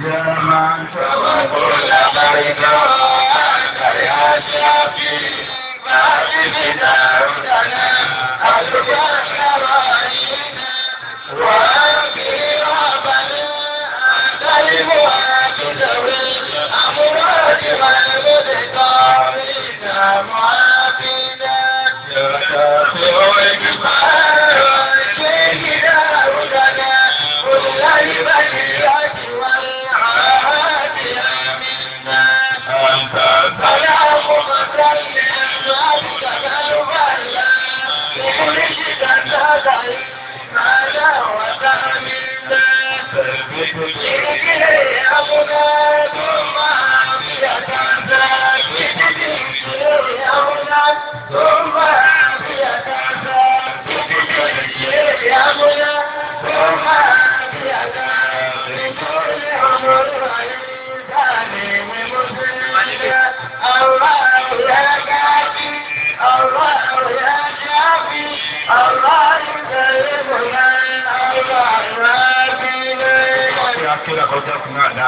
Yeah, coca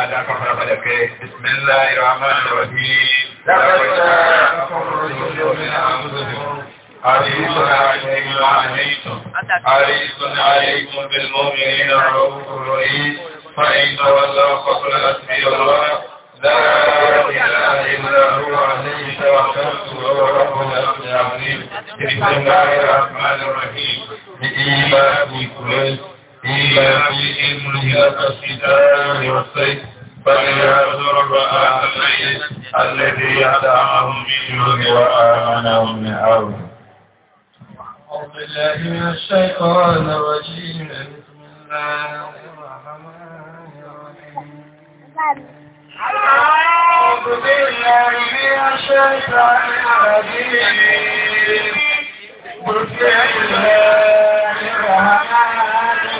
بسم الله الرحمن الرحيم لقد جاءكم الرسل من انفسكم حريص عليكم ما عنيتم عليكم بالمؤمنين رؤوف رئيس فان تولوا فقل حسبي الله لا اله الا هو عليه توكلت وهو رب العالمين بسم الله الرحمن الرحيم بايمان قريش إلا فيهم مهلة الشتاء والصيف فليعذر رأى الميت الذي يدعمهم من جوع وآمنهم من عون أعوذ بالله من الشيطان الرجيم بسم الله الرحمن الرحيم أعوذ بالله من الشيطان الرجيم بسم الله الرحمن الرحيم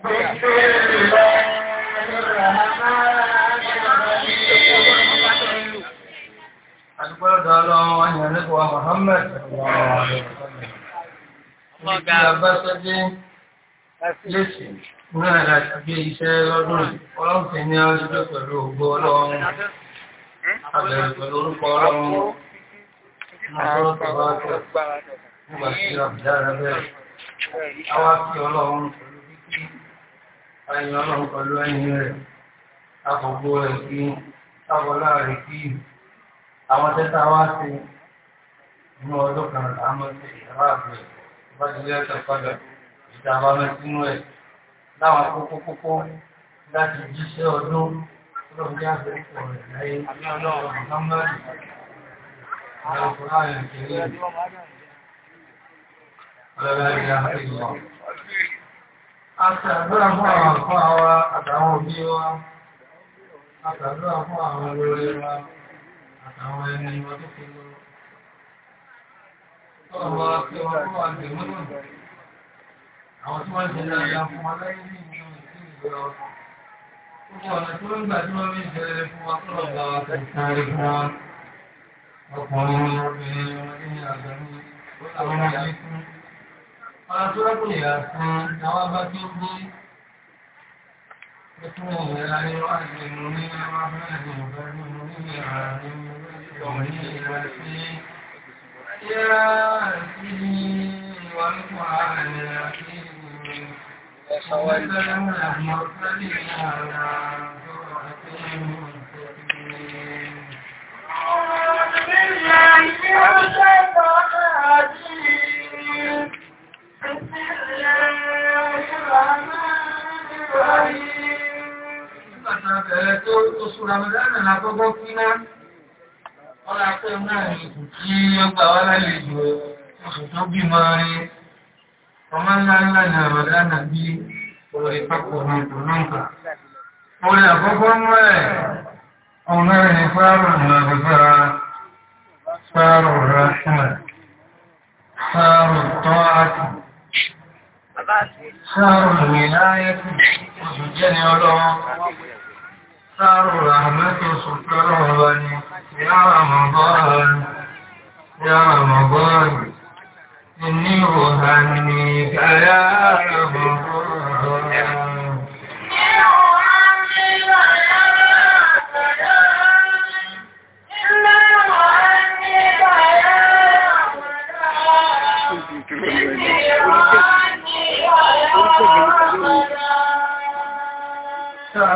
Àdúgbọ́lọ́dọ̀ ọlọ́run wọ́n yẹ̀ nígbà wa Muhammad. Ìgbà bá sọ́jí lẹ́sì náà láti gbé iṣẹ́ lọ́dún ọlọ́run fi ní ọjọ́ pẹ̀lú ògbó ọlọ́run. Àbẹ̀rẹ̀ pẹ̀lú orúkọ ọlọ́run. Àwọn ọlọ́run bá wá tẹ̀. Nígbà sí àbìdára bẹ́ẹ̀. Àwọn á fi ọlọ́run àyìn ọlọ́run pẹ̀lú ẹ̀yìn rẹ̀ àkọ́gbó rẹ̀ kí sábọ́lá rẹ̀ kí àwọn tẹ́ta wá sí inú ọdún kan láàmú sí ìjọba àgbẹ̀ ìbájúlé ẹ̀sẹ̀ padà ìjàmbá mẹ́ sínú ẹ̀ láwọn kókó kókó láti jíṣẹ́ ọdún lóun ní àgbẹ̀kọ̀ rẹ̀ láyé ní ọlọ́run mọ́mọ́rì àwọn ọkùnrin àyàn kiri ọlọ́run ìyá ìlú ọ̀hún. Àtàdúrà fún àwọn àkọ́ àwa àtàwọn òbí wa, àtàdúrà fún àwọn olórí wa, àtàwọn ẹni wa tó fi lọ. Ọ̀rọ̀ àti ọ̀rọ̀ fún àgbẹ̀mọ́nà, àwọn tí wọ́n jẹ́ dáadáa fún wa láyé ní ìlú ìgbẹ̀rẹ̀ ọ̀pọ̀. Gbogbo ọ̀nà tí wọ́n gbà tí wọ́n rí ìṣẹ̀lẹ̀ Àtúrẹ́kùn ìràsìn àwọn bá kí ń gbé ẹkùn ìrìnlẹ̀ ayé wá ìrìnlẹ̀ ní àwọn afẹ́lẹ̀ ìrìnlẹ̀ ní ìrìnlẹ̀ ìrìnlẹ̀ ìrìnlẹ̀ ìrìnlẹ̀ Yára sí ìwà nípa ààrẹ àti ìrìnlẹ̀ ẹ̀ṣọ́wọ́ ìgbẹ̀rẹ̀ mọ́ ìrìnlẹ̀ ìrìnlẹ̀ أعوذ بالله من الشيطان الرجيم Ọlá pẹ́ náà ni kò tí ó gbà wá lálejò oṣù tó bí máa rí. Ọmọ ńlá ńlá ni àrọ̀dá nà bí ọ̀rọ̀ ìpapọ̀ ọ̀rọ̀ ìpòlọ́nkà. Orí àkọ́kọ́ mọ́ ẹ̀ ọ̀nà ẹni fárọ̀ nà bàbára fárọ̀ ráṣùmẹ̀, fárọ̀ tọ́ àti Sáàrùn ìrìnláyé oṣù jẹ́ ni ọlọ́wọ́. Sáàrùn ràhàmẹ́tì oṣù pẹ́rọ ọba ni, yára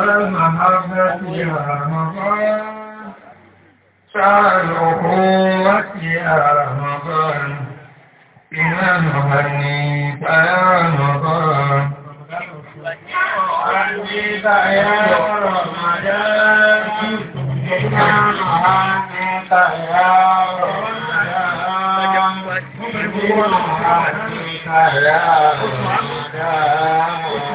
المحبة رمضان شهر الأخوة رمضان إلى نغنيك يا رمضان غنيك يا رمضان إلى نغنيك يا رمضان إلى نغنيك يا رمضان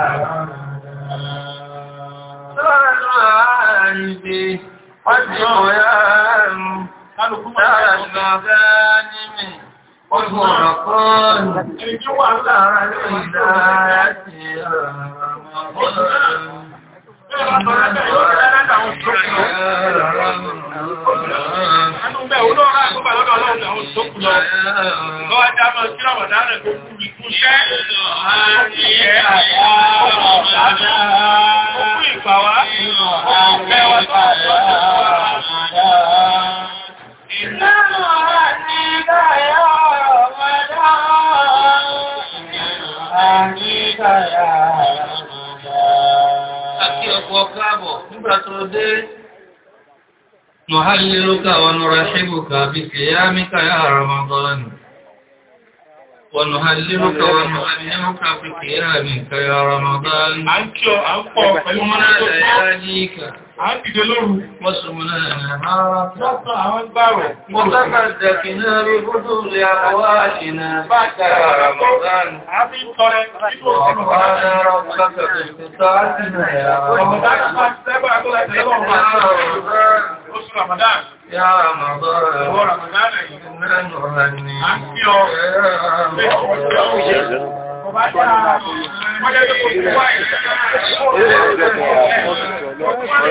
ní wà láàárín ìdáyàtì Ọjọ́ dé نهللك ونرحبك بقيامك يا رمضان ونهللك ونهللك بقيامك يا رمضان أنت أقوى فلمنا لياليك àádìdè lóru. Mọ́sùnmùnà ààrùn tọ́tọ̀ àwọn gbàrọ̀. Mọ́sàkà dẹ̀kìnà rí gúdù lè àwọ́ àṣìnà bá kàrà Ramadan. A fi ń tọrẹ títò sínú ọ̀rọ̀ ọ̀pọ̀lọpọ̀ ìpẹ̀tọ́ àti ìrìnà. Ọmọdé máa ń sẹ́gbà àgbọ́lẹ̀ Oṣù Ramadan. Yá Ramadan. Ọwọ́ Ramadan rẹ̀. Mẹ́rin ọ̀rọ̀ ni.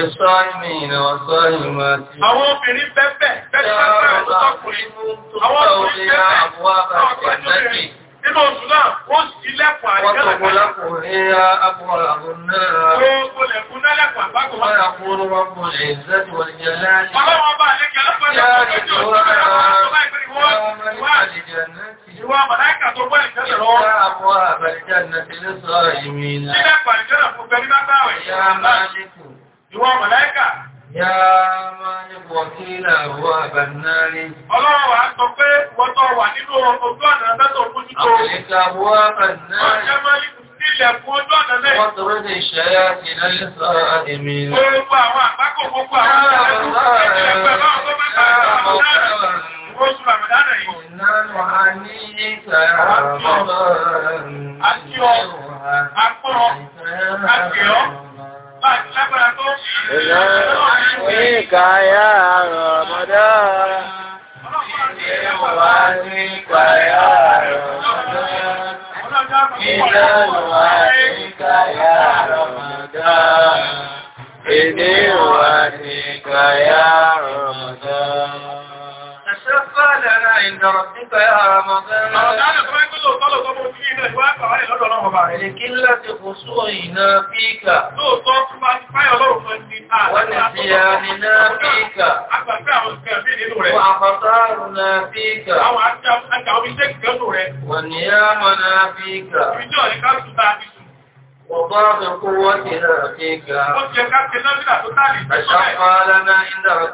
Ìsọ́ìmìnà ọ̀sọ́ìmọ̀ ti. Àwọn obìnrin bẹ́bẹ̀ bẹ́ẹ̀ sára ọ̀sọ́kùnrin. Àwọn obìnrin bẹ́bẹ̀ nínú oṣù náà ó sì lẹ́kùn àríkà láti. Wọ́n tó kó lákùn ní àbúràbùn náà. Ó lẹ̀kùn náà gbọ́ ìjọ́lẹ̀ lọ́wọ́. Ìwà àbúrà àbàlìjá ìnàtí ló ìmìnà. Sílẹ̀ pàìjọ́lẹ̀ fún Bẹ̀rí bá báwẹ̀. Ìyá máa ìwọ màláíkà. Yá máa ní bọ̀ kí ìlàwó àbànárí. Ọlọ́run wà sọ pé wọ́tọ̀ wà nínú ojú ọ̀nà lẹ́tọ̀ fójú tó. Àlẹ́ta wọ́ àbànárí. Ọjọ́ máa ní sílẹ̀ fún ojú ọ̀nà lẹ́yìn. Wọ́n tọrọ ní ìṣẹ́yà ti lẹ́yìn sọ àdìmí. Gbogbo àwọn àpákò gbogbo àwọn àpákò gbogbo àwọn àpákò Ìkáyà àrọ̀mọ́dá. Ìwà ní ìkáyà àrọ̀mọ́dá. Ìdánwà ní ìkáyà àrọ̀mọ́dá. Ìdíwà ní ìkáyà àrọ̀mọ́dá. Ẹ̀ṣẹ́ fẹ́ lẹ́ra ìdọ̀rọ̀ nípa àrọ̀mọ́dá lọ́dọ̀ ọlọ́run ọba rẹ̀. Èkí ńlá ti kò só ìná píkà. Lóòótọ́ tó bá ti fáyọ̀ lọ́rùn fún ti bá àwọn ti ya níná píkà. Àgbàfẹ́ àwọn ìfẹ́ àbí nínú rẹ̀. Wà àfàtàrù na píkà. Àwọn àjàwọn iṣẹ́ ìgbẹ́nu rẹ̀. Wà ní àmà na píkà. Ìjọ ìká tuta àti sùn. Ọba mi kó wọ́n ti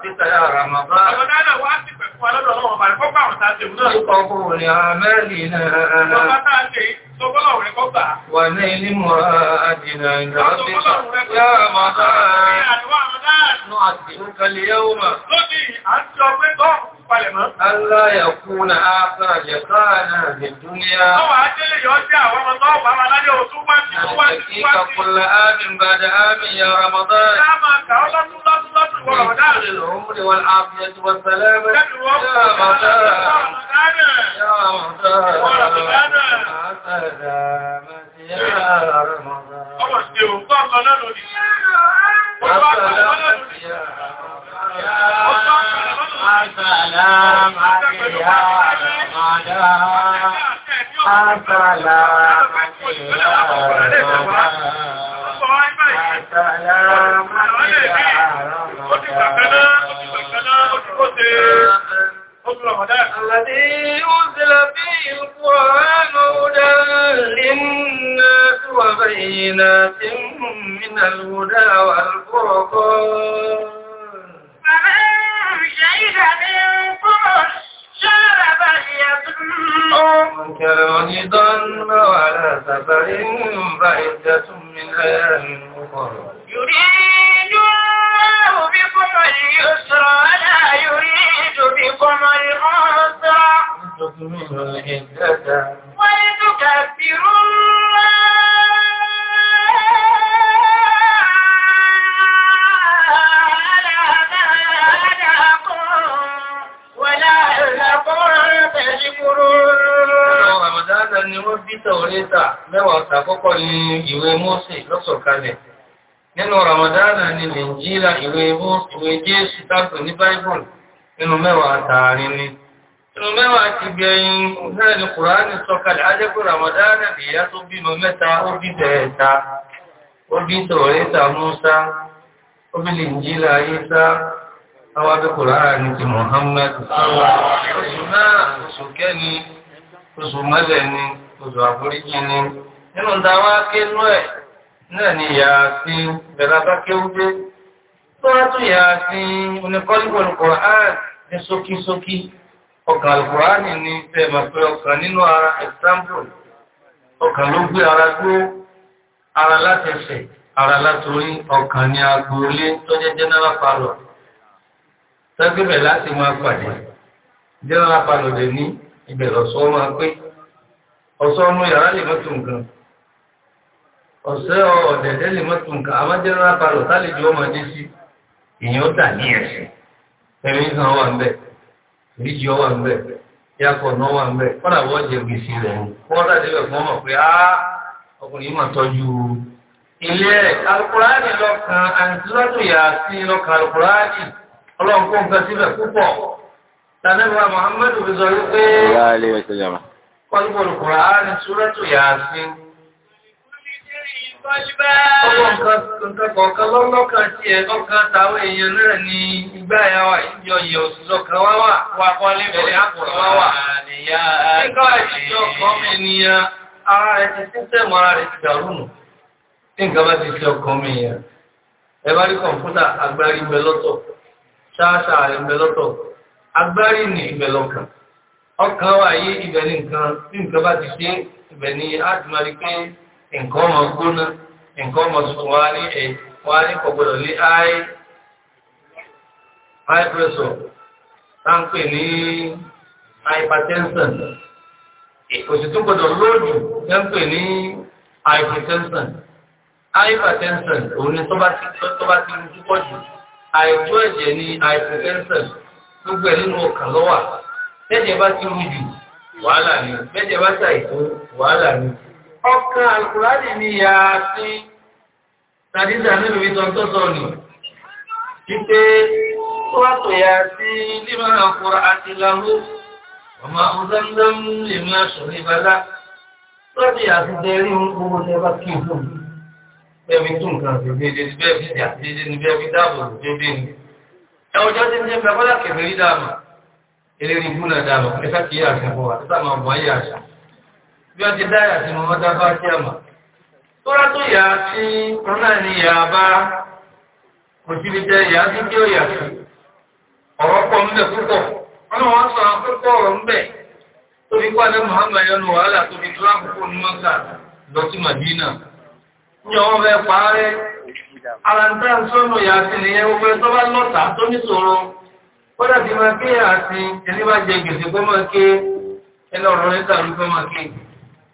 títà yàrá màbá. Àwọn náà wá ni Wàlé ilé mọ̀ àdìnà ìjọba yára máa dáa. Nú àti ìrúkalẹ̀ yẹ́ ó máa. Lóbi, à ń sọ pé bọ́. palẹ̀mọ́. Aláyàkúnà ápá yẹ̀káàná ní dúnlẹ́à. Ọwà ajẹ́lẹ̀ yọ jẹ́ àwọn ọmọ náà bá máa lálẹ́ òtún wá sí wá sí wá sí. Kọkùnlá ámì ń bá dá ámì ya Ramadan. Ṣá máa kà ọ́ lọ́tún lọ́tún lọ́tún wọ Ramadan. Ṣé ìlú rẹ̀ wọ́n ápì ẹ̀tù wọ́n sẹ́lẹ̀ mẹ́. Ṣé ìlú rẹ̀ wọ́n ápì ẹ̀tù wọ́n sẹ́lẹ̀ mẹ́. Ọmọ سلامتي يا رمضان سلامتي يا رمضان سلامتي يا رمضان الذي أنزل فيه القرآن هدى للناس وبينات من الهدى والفرقان فمن شهد يظن كان ضن وعلى سفر فعدة من أيام أخرى يريد الله بكم اليسر ولا يريد بكم العسر ولتكبروا Àwọn Ramadan ni wọ́n bí Tàwọ́lẹ́ta mẹ́wàá tàkọ́kọ́ ní ìwé Mósè lọ́sọ̀kalẹ̀. Nínú Ramadan ni Nàìjíríà ìwé Jésù tàbí ní Báíbùl nínú mẹ́wàá tààrin ni. Nínú mẹ́wàá ti gbẹ̀yìn náà ni Kùránì sọ̀kalẹ̀ ajẹ́kù Ramadan ni ìyá tó bímọ mẹ́ta ó bí bẹ̀ẹ̀ta, ó bí Tàwọ́lẹ́ta Músá, ó bí Nàìjíríà Yísá, àwọn abẹ́kọ̀ lára ní ti Muhammad oṣù náà oṣù kẹ́ni oṣù mẹ́lẹ̀ ni oṣù àforíjì ni nínú dáwà kénú ẹ̀ náà ni yà sí bẹ̀rẹ̀bá kéúdé tó wá tún yà sí oníkọ́lùkọ̀lù Kùránì ní ṣókíṣókí ọkàn Al-Kùránì ní tẹ́mà pé ọkàn nínú ara example ọkàn ló gbé ara dúró ara látẹ̀ṣẹ̀ ara látorí ọkàn ni agboolé tó jẹ́ general parlor sẹ́gbẹ̀bẹ̀ láti máa pàdé jẹ́rọ apalòdè ní ìbẹ̀rẹ̀ ọ̀sọ́ máa pé ọ̀sọ́ ọmọ yàrá lè mọ́tò nǹkan ọ̀sẹ́ ọ̀dẹ̀dẹ̀ lè mọ́tò nǹkan àmọ́ jẹ́rọ apalò tálejò ọmọ dé sí èèyàn dà ní ẹ̀sìn ẹ̀mí kan wà ń bẹ̀ ìdíje wà ń bẹ̀ yàtọ̀ náà wà ń bẹ̀ kọ́dà wọ́n jẹ gbèsè rẹ̀ wọ́n dàdé bẹ̀ fún ọmọ pé á ọkùnrin máa tọ́jú ilé alukurani lọ́kàn àǹtí lọ́dún yà lọ́kàn alukurani ọlọ́run kó nǹkan síbẹ̀ púpọ̀ tànẹ́wà Muhammadu fi sọ wípé kọ́lùbọ̀lù Kùránì Súrátù Yásín Ọkọ̀ọ̀kan lọ́lọ́kan tí ẹ̀ lọ́kan tàwọn èèyàn náà ni igbá ẹ̀yà wà ìjọ yẹ̀ òṣìṣọ́ kan wá wà wà kan lẹ́bẹ̀rẹ̀ àpọ̀lọ́ wá wà. Ẹgbẹ́ ìjọ kan mi ni ara rẹ̀ ti sísẹ̀mù ara rẹ̀ ti dàrúnù. Ní nǹkan bá ti ṣe ọkàn mi yẹn. Ẹ bá rí kọ̀ǹpútà agbárí bẹ lọ́tọ̀ ṣáṣà ìbẹ̀ lọ́tọ̀ agbárí ní ìbẹ̀ lọ́kàn ọkàn wà yí ibẹ̀ ní nǹkan tí nǹkan bá ti ṣe ibẹ̀ ní àtìmọ́rí pé nǹkan ọmọ gbóná nǹkan ọmọ sùn wá ní ẹ̀ wá ní kọ̀gbọ̀dọ̀ lé áì high pressure tá ń pè ní hypertension òsì tó gbọdọ̀ lóòjù àìtó ẹ̀jẹ̀ ni àìsàn kẹ́ńsà gbogbo ẹ̀ nínú ọkàn lọ́wà tẹ́jẹ̀ bá ti rú jù wàhálà ni tẹ́jẹ̀ bá ṣàìtó wàhálà ni. ọkàn àlùkùránì ni ìyá sí sàdísà nílùú ìtọ́ntọ́sọ ni wípé tó wá tó yá sí límọ̀ àkùrọ̀ àti làwọ̀ ọmọ ọ̀dọ́ndọ́n lè máa sọ̀rọ̀ ìbálá tọ́jú àti dẹ́rí ohun gbogbo tẹ́ bá kí ìfún mi bẹ́ẹ̀ fi tún nǹkan sí déédéé ní bẹ́ẹ̀ fi jà déédéé ní bẹ́ẹ̀ fi dáàbò déédéé ní. ẹ ọjọ́ tí ń jẹ́ pẹ́ bọ́lá kẹfẹ́ rí dáàmà eléri ìgbóná dáàmà ni yà á bá kò síbi jẹ́ yà á sí kí ó yà sí ọ̀rọ̀ pọ̀ ńbẹ púpọ̀ ọlọ́wọ́n sọ àkókò ọ̀rọ̀ ńbẹ tóbi kó adé Muhammad yẹnu wàhálà tóbi tó àkókò ní mọ́ta lọ sí Madina jọ wọ́n fẹ́ parẹ́ ara ń tẹ́ sọ́nà ìyàtí nìyẹn gbogbo tó bá lọ́ta tó níṣòro kódà ti máa ké àti ẹni bá jẹ gbèsè pé máa ké ẹni ọ̀rọ̀ ní tàbí pé máa ké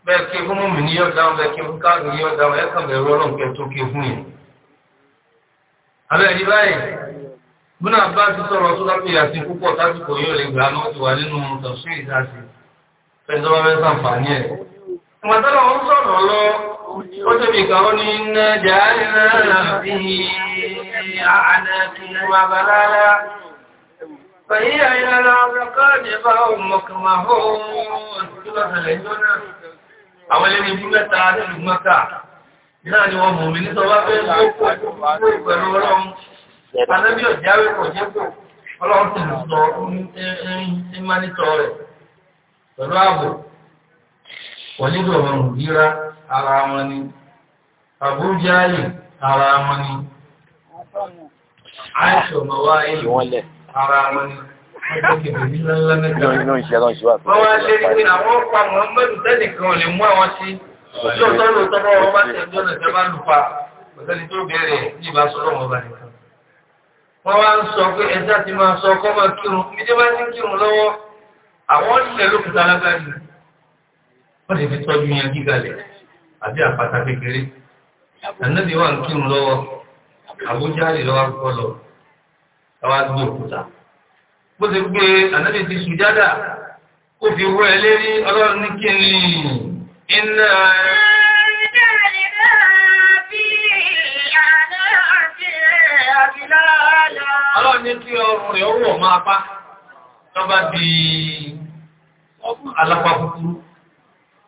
bẹ́ẹ̀ ké fún mọ̀mí ní yọ̀ dáhùn bẹ́ẹ̀ ké fún káàdùn yọ̀ dáhùn ẹ̀kàn bẹ̀rù ọlọ́run kẹ́ tó ké fún yẹn. abẹ́ ẹ̀dí báyìí bùnà bá ti sọ̀rọ̀ tó lápẹ̀ yàtí púpọ̀ tásìkò yóò lè gbà náà ti wà nínú tọ̀sí ìdásí fẹ́ẹ́ ó tẹ́bí kan ó ní iná jàálìrá sí àánàkì mabalala fàyí àyàrá ọ̀rọ̀kọ́ jẹba ọmọkànmáhó àwọn ilé ibú mẹ́ta nílùú mọ́ta náà ni wọ́n mọ̀ mí nítọ́wá pé ó pẹ̀lú ọlọ́run Ànábí ọ̀jáwé kò jẹ́ kò ọlọ́run ti lù sọ ní mánítọ̀ rẹ̀ pẹ̀lú ààbò wọ̀lídọ̀ wọn rírá ara wọn ni àbújáyì ara wọn ni àìṣọ̀ mọ̀wá ilẹ̀ ara wọn ni Wọ́n wá lé ní àwọn pa Mọ̀hánmẹ́dù tẹ́nìkan lè mú àwọn sí, lóòtọ́ lóòtọ́ bá tẹ̀jọ́ nà tẹ́ lùpa, ọ̀tẹ́ni tó bẹ̀rẹ̀ ní ìbásọ́lọ́wọ́ ọba nìkan. Wọ́n wá ń sọ pé ẹjá ti máa sọ kọ́ máa kírun, ìjọba ti wọ́n lè fi tọ́jú yan gígalẹ̀ àbí àpáta kékeré ànábì wà ń kírun lọ́wọ́ àbújá lè lọ́wọ́ akọ́ lọ káwá gbé òkúta bó ti gbé ànábì ti sùjádà ó fi wọ́ ẹ lérí ọlọ́run ní kí n lè iná. ọlọ́run ní kí ọrùn rẹ̀ ó wọ̀ máa pa lọ́ba di alápá kúkúrú.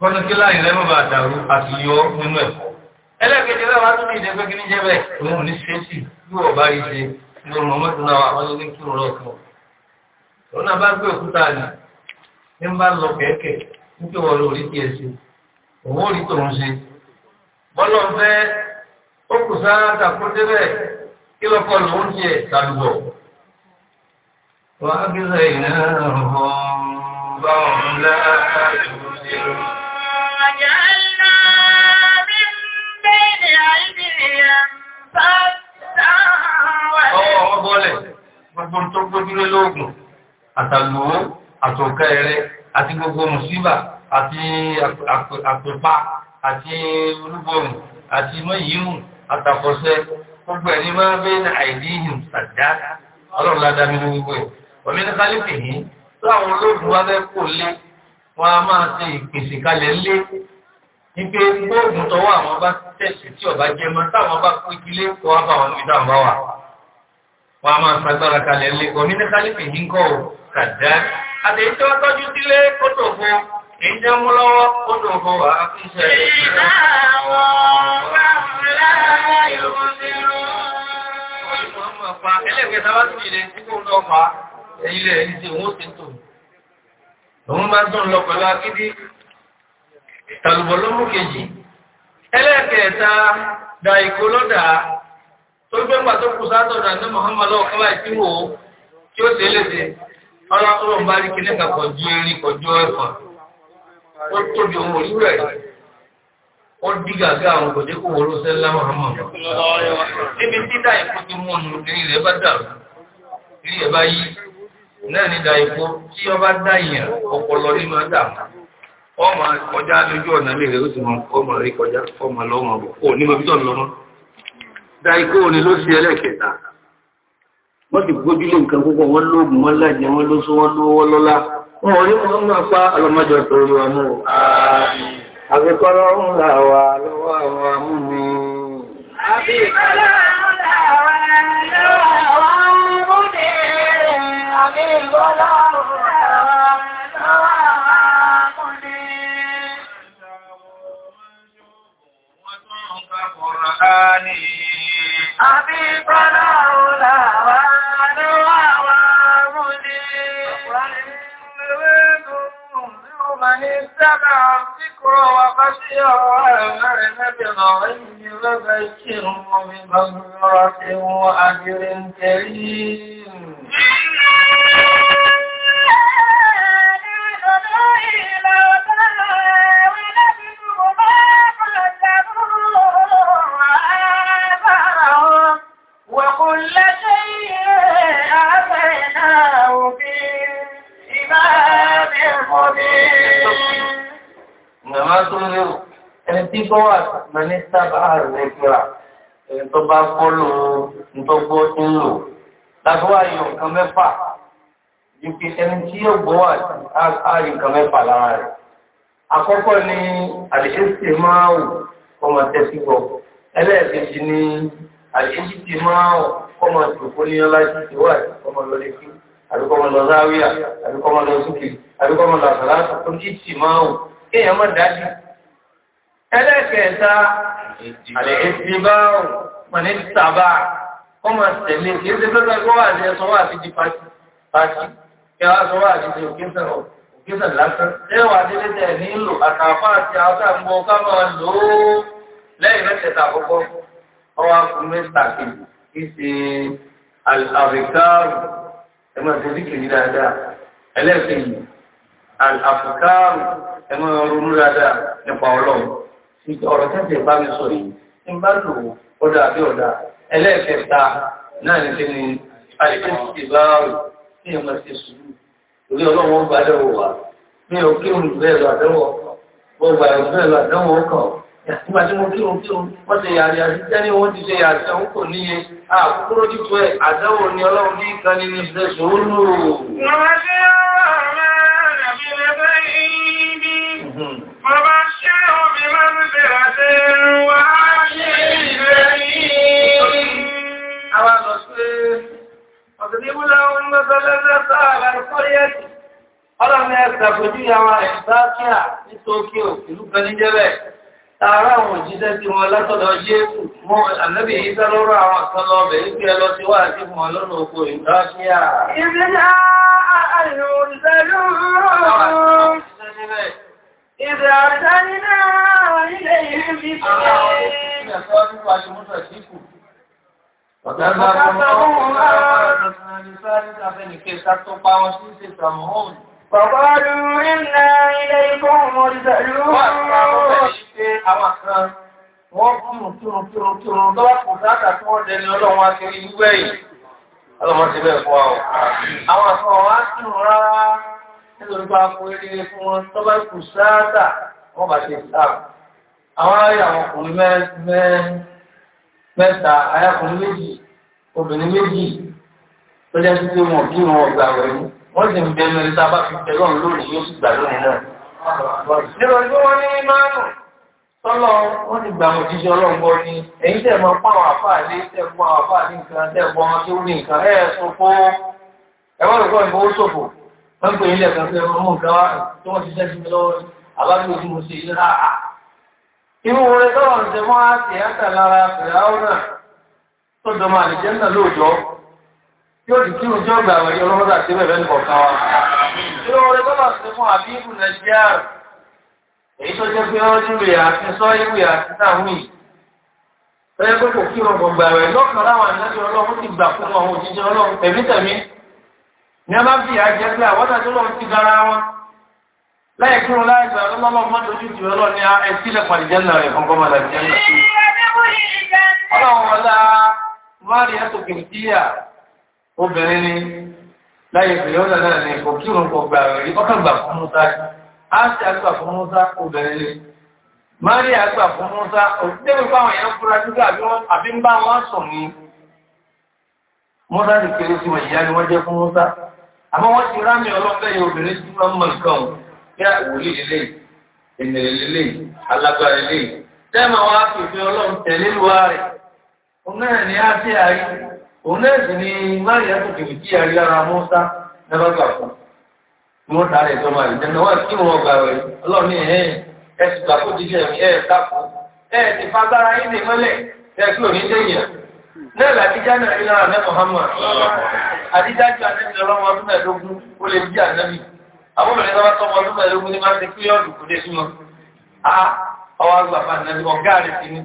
kọ́ni kí láyìn rẹ̀ bàbá àdàrú àti yọ nínú ẹ̀kọ́. ẹlẹ́gbẹ̀dẹ̀ bẹ́ẹ̀ wá tún ìdẹ́gbẹ́ kí ní jẹ́ bẹ́ẹ̀ òun ní ṣéṣì yóò ọba rí ṣe lórí mọ́mọ́tò náà àwọn ilé kí òun lọ́ọ̀ kan. òun náà bá gbé òkúta nì ní bá lọ kẹ̀kẹ́ nítorí wọn lórí tiẹ̀ ṣe òun ò rí tòun ṣe. bọ́lọ̀ fẹ́ ó kù sára tàkúndé bẹ́ẹ̀ kí وجعلنا من بين أيديهم فتا ọwọ́ bọ́lẹ̀ gbogbo tó gbójúlé lóògùn àtàlùwó àtòkẹ́ ẹ̀rẹ́ àti gbogbo mùsíbà àti àpòpá àti olúborùn àti mọ́yíhùn àtàkọsẹ́ gbogbo ẹni máa bẹ́ ní àìdíhìn sàdá ọlọ́run ládàá mi ní gbogbo ẹ̀ ọ̀mí ní kálífì wọ́n á máa ṣe ìpèsè kalẹ̀ lé nígbé gbóògùn tọwọ́ àwọn bá tẹ̀sí tí ọba jẹ́ mọ́ táwọn bá kó ìdílé kó wá bá wọn níbi táwọn bá wà. wọ́n á máa ṣàgbára kalẹ̀ lé omi ní kálífì yìí ń kọ́ ò kàdá. àtẹ̀yí tí tọ́jú sílé kótó fún èyí mú lọ́wọ́ kótó fún wa kí ṣe é. ìgbà wọn bá ń lára yòó nínú. ìmọ̀ ọmọ pa ẹlẹ́gbẹ̀ta wá sí òun bá sùn lọ pẹ̀lú akídí tàlùbọ̀ ló mú kejì ẹlẹ́ẹ̀kẹta da ìkó lọ́dà tó gbé pàtó kù sátọ̀dà ní Muhammad ọ̀kọ́lá ìtìwò tí ó tẹ́lẹ̀dẹ̀ ọlọ́run bá rí kíníkà kọjú erin kọjú ẹ̀fọn ó tóbi ohun orí rẹ̀ ó dí gàgá àwọn kò wọ́n ló sẹ́lá Muhammad níbi títà ìkú ti mú ọ̀nà ìrìn rẹ̀ bá náà ní da ikú tí ọba dá ìyàn ọpọlọ ní máa dà ọmọ kọjá lójú ọ̀nà lè rẹ̀ ó sì máa ọmọ rí kọjá ọmọ lọ́mọ bọ̀ ó ní mọ̀bí tọ́nà lọ́mọ da ikú òní ló sí ẹlẹ́kẹta wọ́n ti gbójú lé nǹkan púpọ̀ wọ́n lóògùn wọ́n lájẹ wọ́n ló sún wọ́n lówó lọ́lá wọn ò ní máa pa وبشرهم بمغفرة وأجر كريم àmá tó lérò ẹni tí gbọ́ wà mà ní sábà rẹ̀ kíra ẹni tó bá gbọ́ lò ń tó gbọ́ tí ń lò lágbọ́wà yọ nǹkan mẹ́fà ju pé ẹni tí yóò gbọ́ wà àárín nǹkan mẹ́fà lára rẹ̀ àkọ́kọ́ ni àdìsẹ́sì máa wù ọmọ tẹ́sí gbọ́ ẹlẹ́ẹ̀kejì ni àdìsẹ́sì ti máa wù ọmọ tòkó ní ọlá ìṣẹ́wà ọmọ lọ́lẹ́kí àdúkọ́mọ lọ záwíà àdúkọ́mọ lọ súkè àdúkọ́mọ lọ àsàlátà kéèyàn mọ̀ dájú. ẹlẹ́kẹ̀ẹ́ta àlẹ́ èsì bá ò mọ̀ ní sábà kọ́ máa tẹ̀lé kí ẹsẹ̀ tó tẹ̀lé kó wà ní ẹsọ wà fíjì pàṣí pàṣí kí wàá sọ wà fíjì òkèsàn òkèsàn lásán. ṣé wàá délé tẹ̀ nílò àtàfà àti àwọn àgbọ̀ ká máa lò ó lẹ́yìn mẹ́tẹ̀ẹ̀ta àkọ́kọ́ ọwọ́ akùnrin tàkìlì kí ṣe àlàbìkárù ẹ̀mọ́ ìfòsíkì ní dáadáa ẹlẹ́ẹ̀kejì ẹ mọ́ ronú dáadáa nípa ọlọ́run ọ̀rọ̀ tẹ́tẹ̀ bá mi sọ yìí tí bá lò ọdá àbí ọ̀dá ẹlẹ́ẹ̀kẹta náà ní kí ni àìkú ti bá rù ní ẹ̀mọ́ ti sùúrù orí ọlọ́run gba dẹ́wọ̀ wá mi ò kí òun bẹ́ẹ̀ lọ àdẹ́wọ̀ wọ́n gba ẹ̀rù bẹ́ẹ̀ lọ àdẹ́wọ̀ ọkàn nígbà tí mo kí òun kí òun wọ́n ti yàrí àti tẹ́ni ni ọlọ́run ní ìkànnì مغفرة وعجل بريم أولا نصير واضرب لهم مثلا أصحاب القرية Ọlọ́run ẹ̀sà fojú àwọn ẹ̀sà kíà ní Tókíò ìlú kan ní jẹ́bẹ̀. Tààrà àwọn òjíṣẹ́ tí wọ́n látọ̀dọ̀ Jésù mọ́ àlẹ́bì yìí sá lọ́rọ̀ إذا أرسلنا إليهم بسرعة Fọ̀bọ́dún iná ilé ikọ́ mọ̀rìsẹ̀lú wọ́n fún túnrùn túnrùn túnrùn lọ́wọ́ kò dáadáa tí wọ́n dẹni ọlọ́run akẹrí ìwé yìí. Ọlọ́mọ́ ti bẹ́ẹ̀ fún àwọn. Àwọn àfọwọ́ á túnrùn rárá. nítorí bá fún eré fún wọn tó bá kù sáátà wọ́n bá ṣe sáàpù àwọn ayé àwọn ọkùnrin mẹ́ta ayákùnrin méjì obìnrin méjì tó jẹ́ títí wọn kí wọn ọgbà wẹ̀rú wọ́n sì ń bẹnu ẹni tábà fi tẹ̀lé ọ̀run lónìí yóò sì gbà lónìí náà nígbà tí wọ́n ní márùn tọ́lọ wọ́n ti gbà wọn jíjẹ ọlọ́ngbọ́n ni èyí tẹ̀ mọ́ pàwọn àfáà lé tẹ̀ àfáà ní nǹkan tẹ̀ tó ní nǹkan ẹ̀ ẹ̀ sọ fún ẹ̀wọ́n ìkọ́ ìfowósòfò wọ́n pè ilẹ̀ kan pé ọmọ nǹkan wá tó wọ́n ṣiṣẹ́ sí mi lọ́wọ́ àbájú ojú mo ṣe yí láà. Irú oore tọ́wọ́ ń ṣe mọ́ á ti ẹ́ta lára Fìràó náà tó dọmọ àlìjẹ́ náà lóòjọ́. Yóò di kí ojú ọgbà àwẹ̀yẹ ọlọ́mọdé àti bẹ̀rẹ̀ ní kọ̀ọ̀kan wa. Irú oore tọ́wọ́ ń ṣe mọ́ àbíkù Nàìjíríà. Èyí tó jẹ́ pé ọdún rẹ̀ àti sọ ìwé ní a máa fi àjẹ́ pé àwọn àti ọlọ́run ti dára wọn láyé kírun láyé gbà lọ́lọ́lọ́ má dojú jù ọlọ́ ní ẹ̀sílẹ̀ pàdéjẹ́ náà rẹ̀ fọ́nkọ́ máa làjẹ́ náà. ọlọ́run ọlá mari ẹ̀tọ́ kìrìtìyà obìnrin ni láyé ìpìlẹ̀ ọ̀nà náà ni kò kírun kò gbà rí ọkàn gbà fún Musa á sì àgbà fún Musa obìnrin ni mari àgbà fún àbí ń bá wọn sùn ni Musa ti kéré sí wọn ìyá ni wọ́n jẹ́ fún Musa àmọ́ wọ́n ti rámì ọlọ́fẹ́ yìí obìnrin tí wọ́n mọ̀ nǹkan kí àwòlé lélẹ̀ ènìyàn lélẹ̀ alágbára lélẹ̀ tẹ́mà wá fìfẹ́ ọlọ́run tẹ̀lé lu ààrẹ òun náà ní àti àrí òun náà sì ní máyà tó kìí kí àrí ara mọ́sá lẹ́bàgbà fún mọ́ tààrẹ tó máa ìjẹ́ náà wà kí wọ́n gbà rẹ̀ náà làdíjá náà ní lára ní Muhammad àdíjá ju ànábì ọlọ́mọ ọdún mẹ́ẹ̀ẹ́dógún ó lè bí ànábì àwọn obìnrin tó bá tọ́ ọmọ ọdún mẹ́ẹ̀ẹ́dógún ní máa ń ṣe píríọ̀dù kò dé súnmọ́ a ọwọ́ àgbà bá ànábì ọ̀gá rẹ̀ sí ni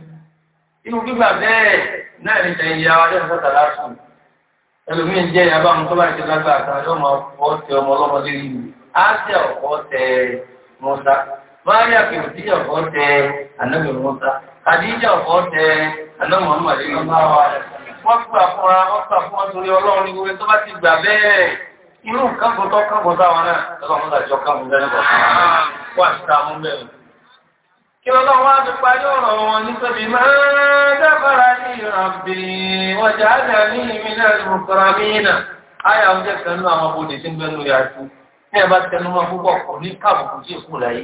inú gbígbà bẹ́ẹ̀ náà ní ìtẹ̀yìn ìyá wa lẹ́nu sọ́tà lásùn ẹlòmíín jẹ́ ìyá Àdíjà ọ̀pọ̀ tẹ aláwọ̀ àmàlẹ́ wọ́n gbà fúnra wọ́n gbà fún ọdún ọlọ́run ní gbogbo tó bá ti gbà bẹ́ẹ̀ inú kánkòtọ́ kánkòtọ́ àwọn náà lọ́lọ́mọ́ta jọ kánkòtọ́ wà sí àwọn mẹ́rin kí ọlọ́run wá fi parí ọ̀rọ̀ wọn nítorí máa dábàrá ní ìrànbí wọ́jà àjà ní ìmìnà ìrùkọ̀rọ̀ mìíràn ayà ń jẹ́ kanú àwọn abòdè tí ń gbẹ́nu yàtú ní ẹ̀bá tẹnumọ́ púpọ̀ kò ní káàbùkù sí ìkú láyé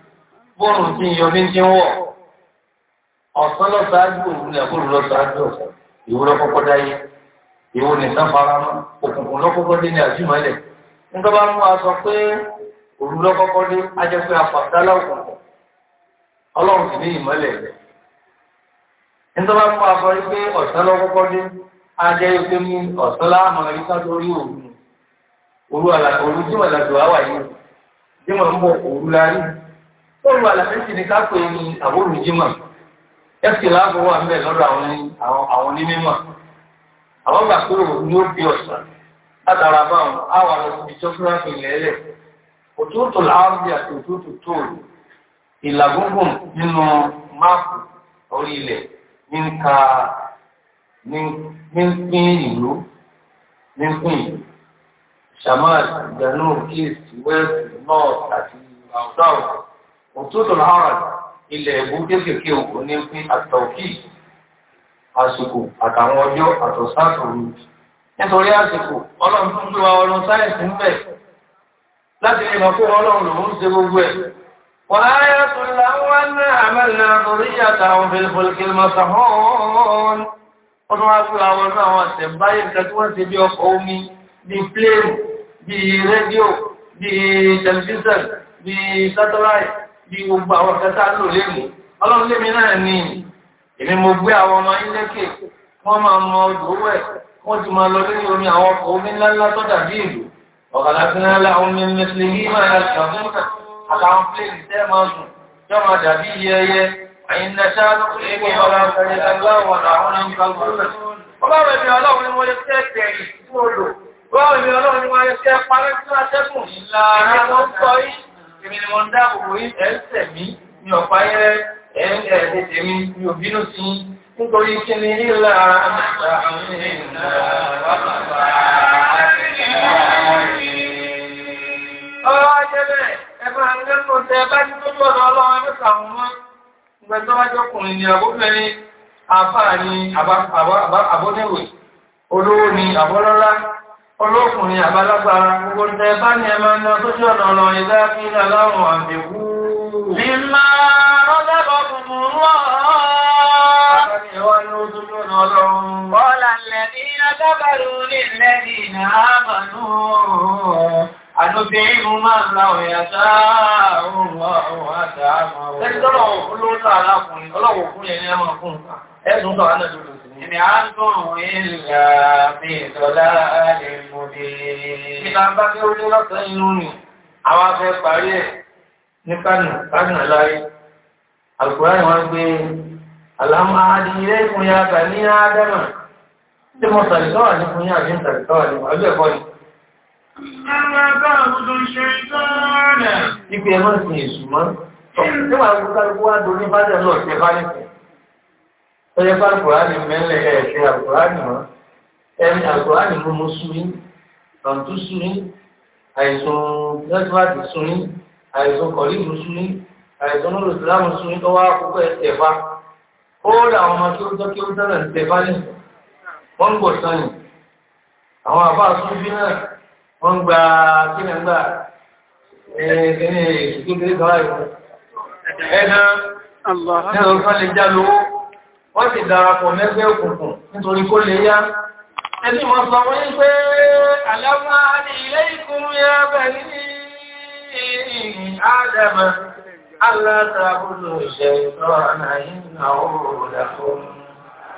bóòrùn tí ń yọ bí ń tí ń wọ̀ ọ̀sán lọ́sàájú òwúlẹ̀ bóòrùn lọ́sàájú ọ̀sán ìwúrọ̀ kọ́kọ́ dáyé ìwò nìkan fara mọ́ òkùnkùn dé ní àjùmọ̀lẹ̀ bá mú pé òru dé a jẹ́ pé apàtálá òkùnkùn ọlọ́run sì ní rẹ̀ bá mú pé ọ̀sán dé pé mú ọ̀sán lórí òru òru Lóru àlàmẹ́sì ni kápẹ́ ní àwòrán jímọ̀. Ẹ̀sì láàbò wà ń bẹ̀ lọ́dọ̀ àwọn onímọ̀. Àwọn gbà pé òun ni ó fi ọ̀sán. Látara báwọn, àwọn àlọ́sìn ìjọ́fúnra fi lẹ́lẹ̀. Òtútù láàbì àti òtútù tóòrù. Ìlà gúngùn nínú máàpù orí ilẹ̀ ní ń ka ní ń pín ìlú ní ń pín ìlú west north àti òtútù náà ilẹ̀ ẹ̀bú kéékèèké òkú ní pín àtọ̀kì àsìkò àtàwọn ọjọ́ àtọ̀sáàtòrò nítorí àsìkò ọlọ́run tún gbé wa ọlọ́run sáyẹ̀nsì ń bẹ̀ láti lè mọ̀ pé ọlọ́run lòún ń ṣe gbogbo ẹ̀. وآية الأول عملنا ذريتهم في الفلك المسحون wọ́n wá fún àwọn náà wọ́n tẹ̀ báyìí nǹkan tí wọ́n bí ọkọ̀ omi bí pléèmù bí rédíò bí tẹlifíṣàn bí sátáláìtì bí gbogbo àwọn kẹta lò lémi ọlọ́run lémi náà ní èmi mo gbé àwọn ọmọ yín lékè wọ́n máa mọ odò wẹ̀ wọ́n ti máa lọ lórí omi àwọn ọkọ̀ omi ńláńlá tó dàbí ìlú ọ̀kadà tí ńlá omi mẹsìlẹ̀ yìí máa yà sàmúnà àtàwọn pléèdì tẹ́ máa sùn yọ máa dàbí yẹyẹ àyìn nàṣà lókùnrin ní ọ̀rọ̀ àtàlẹ́ta láwọn àwọn ìgbàgbọ́n Ọlọ́run ni ọlọ́run ni mo lè fẹ́ tẹ̀yìn fún odò. Ọlọ́run ni ọlọ́run ni mo lè fẹ́ parẹ́ fún atẹ́kùn. Ìlànà tó ń sọ yìí èmi ni wọ́n àfáà ni àbóníròyìn olówó ni àbọ́lọ́lá olókùnrin àbálágbára gbogbo tẹ bá ní ẹmọ ẹ̀nà tó ṣe ọ̀nà ọ̀nà ìdá kí ní aláwọ̀ àbẹ̀wò. bí máa rọ́dẹ́bọ̀ Ànúbìnrin máa ń la ọ̀yà sáà òun ọ̀rọ̀ àtàmọ̀. Ẹgbẹ́ ọlọ́wọ̀ ló ń tà alákùnrin, ọlọ́wọ̀ fún ẹni ẹmọ fún un. Ẹ̀sùn tọ̀ ánà lórí òsìn. Ìmì à ń tọrùn ìlà bí ìtọ́lá àlèmọ̀dé. Ìlà bá kí ó ní lọ́sàn inú nì, àwọn afẹ́ parí ẹ̀ ní Kánù, Kánù láyé. Àlùkùránì wọ́n gbé ń sàlìtọ́wà àbí ẹ̀kọ́ Ibi ẹ̀mọ́ sin ìṣùmọ́. Nígbà kálukú wá dorí bá jẹ́ lọ ṣe fáyẹ̀fẹ̀. Ó yẹ fáwọn Kùránì mẹ́lẹ̀ ẹ̀ṣẹ́ Àkùránì mọ́. Ẹni Àkùránì ló mú súnmí, tọ̀tún súnmí, àìsàn Nẹ́tíwáàtì súnmí, àìsàn Kọ̀líìmù súnmí, àìsàn Olùsìlámù súnmí tó wá kókó ẹ̀fà. Ó rà àwọn ọmọ tí ó tọ́ kí ó tẹ́lẹ̀ ń tẹ fáyẹ̀fẹ̀. Wọ́n ń gbọ̀ sọ́yìn. Àwọn àbá wọ́n gba kí ni gba ẹni ìṣúkúndé kọ́wàá ìwọ̀n ẹ̀nà ẹ̀rọ kan lè já lówó wọ́n ti darapọ̀ mẹ́gbẹ́ òkùnkùn nítorí kó lè yá ẹni sọ wọ́n pé àlọ́mọ́ àti ilé ìkún yá bẹ̀rẹ̀ ní àdàmà alátàbùdó ìṣẹ̀tọ́ àná ìnáwó lẹ́kọ̀ọ́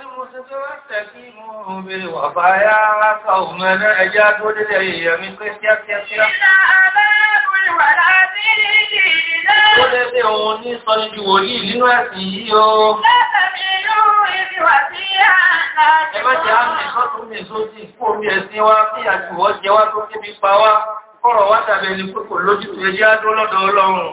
المستقيم بالوفايا قومنا أجاد jẹ́ àmì ìṣọ́tún mi sójí fún omi ẹ̀sìn wa tí àjùwọ́ jẹ wá tó kébí pa wá, kọ́rọ̀ wá tàbí ẹni pé lójú tó ẹjẹ́ á lọ́dọ̀ Ọlọ́run.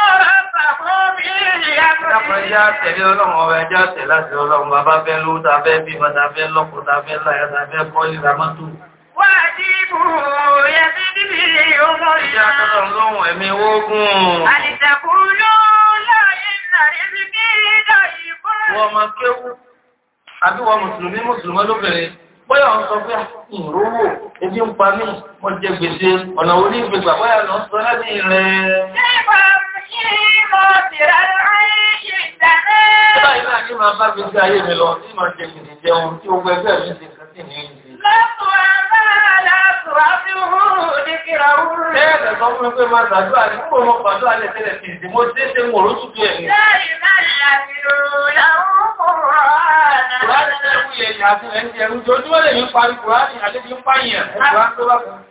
Dápọ̀ ẹjá tẹ̀lé ọlọ́run ọba ẹjá tẹ̀ láti ọlọ́run bàbá fẹ́ ló tàbẹ́ bí ma tàbẹ́ lọ́pọ̀ tàbẹ́ láyá tàbẹ́ kọ́ ìlà mọ́tò. Wà á dí àbí wọn mùsùlùmí mùsùlùmí lóbìnrin bóyá wọn sọ pé ah, ìrówó ebi ń pa mí wọn jẹ gbèsè ọ̀nà orí ìgbèsà bóyá lọ sọ láti rẹ̀. Báyìí náà ní máa bá mi sí ayé mi lọ, tí máa jẹ gidi jẹun tí ó gbẹ bẹ́ẹ̀ mi ti kàn sí ní ìdí. Lọ́tùwà máa lásùwà fi hù ní kíra hù. Bẹ́ẹ̀ sọ fún mi pé máa ṣàdúrà ní kó mo pàdúrà lè tẹ́lẹ̀ sí ìdí, mo dé ṣe mòró tútù ẹ̀ ní. Bẹ́ẹ̀ náà ni àbírò làwọn kò rọ̀ ọ́nà. Kùrá ti ṣẹ́kù yẹn ni àti ẹ̀ ń jẹun, ojoojúmọ́ lè ní parí Kùrá ni àlejò ń pààyàn, ẹ̀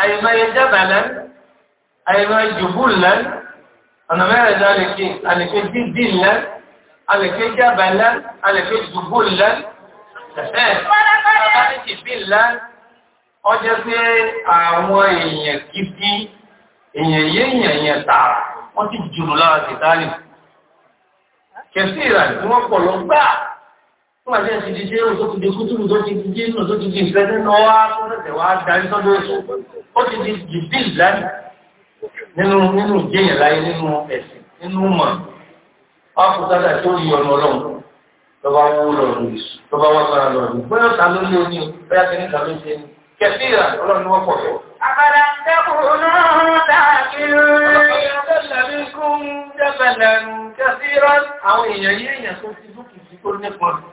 àyèmáyé jábàlẹ́ àyèmáyé jùbùlẹ́ ọ̀nà mẹ́rin ní alèké alèké dídìlẹ́ alèké jábàlẹ́ alèké jùbùlẹ́ ẹ̀ẹ́ bàbá ní jìbìlẹ́ ọjọ́ pé àwọn èèyàn gidi èèyàn yéèyàn yẹn tààrà wọ́n ti jùlọ lára tìtálì kẹsí ìrànlọ́pọ̀ lọ gbáà Nígbà tí ẹ̀sìn ti ṣe èrò tó ti di kútùrù tó ti di jínú tó ti di ìfẹ́sẹ́ náà wá tó tẹ̀sẹ̀ wá darí sọ́dọ̀ èso. Ó ti di jìbí ìlànà nínú nínú ìjẹyàn láyé nínú ẹ̀sìn nínú mọ̀. Wọ́n kò sábà tó yí ọmọ ọlọ́run lọ́ba wó lọ́rùn lọ́ba wá sára lọ́rùn. Bóyá ta ló lé oní bóyá kẹ́ni ta ló ṣe ní. Kẹ̀sí ọlọ́run wọ́n pọ̀ fẹ́. Àbàdà náà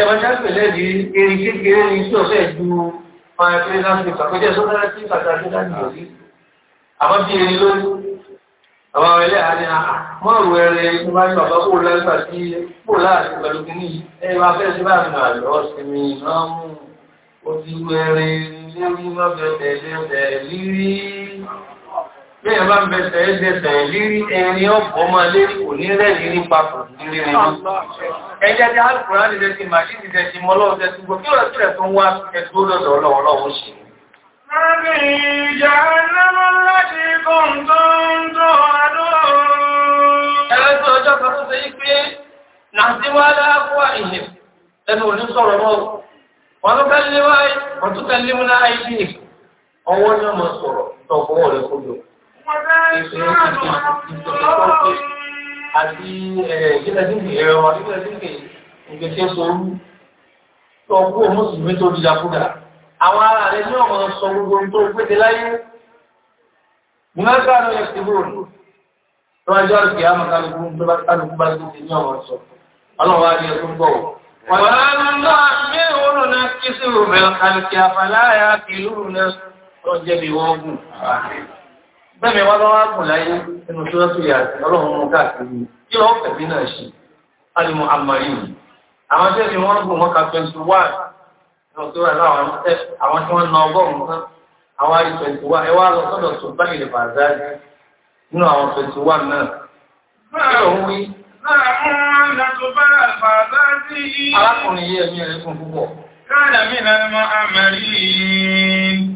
ẹ̀wọ̀n jápẹ̀ lẹ́bi eré kékeré ní iṣẹ́ ọ̀fẹ́ ju máa fi láti pàkójẹ́ sọ́dá tí pàtàkì láti yọ̀ sí. Àmọ́ bí eré lórí, àwọn ọmọ ẹlẹ́ àárín àmọ́ ah, ìwé rẹ̀ tó bá ń bàbá kó lágbà sí kó láàrin pẹ̀lú kìíní ẹ máa fẹ́ sí Bẹ́ẹ̀ bá ń bẹ sẹ̀ẹ́sẹ̀sẹ̀ lírí ẹni ọ̀pọ̀ máa lé kò rẹ̀lì ní papọ̀ lírí rẹ̀. Ẹjẹ́ tí ní ṣe ti máa ṣí ti àti eh, ìgbẹ́lẹ́dínkì ẹ̀rọ ìgbẹ́lẹ́dínkì ìgbẹ́sẹ̀ sorú tó kú o mùsùlùmí tó di jàkúdà àwọn ará rẹ̀ ní ọmọ sọ gbogbo tó pété láyé múnáṣà ló yẹ sí bóòlù tó ajọ́ àti àmàkálùkù tó bá kálùkù bá sí ní ọmọ sọ ọlọ́wọ́ adìyẹ tó gbọ́ wọ́n náà mí òun náà kí sí òmìnira kálùkì àfàláyà kìlú náà tó jẹ́ bẹ́ẹ̀ni wá bá wá gùn láyé nínú sọ́rọ́sù yàtì ọlọ́run mú káàkiri kí lọ́wọ́ pẹ̀lú náà ṣe alìmọ̀ àmàrin àwọn tẹ́ ni wọ́n gùn wọ́n ka 21 àwọn tí wọ́n na ọgọ́rùn-ún kan àwọn àrí 21 ẹwà lọ sọ́dọ̀ tó bá ilẹ̀ bàzáàrí nínú àwọn 21 náà kí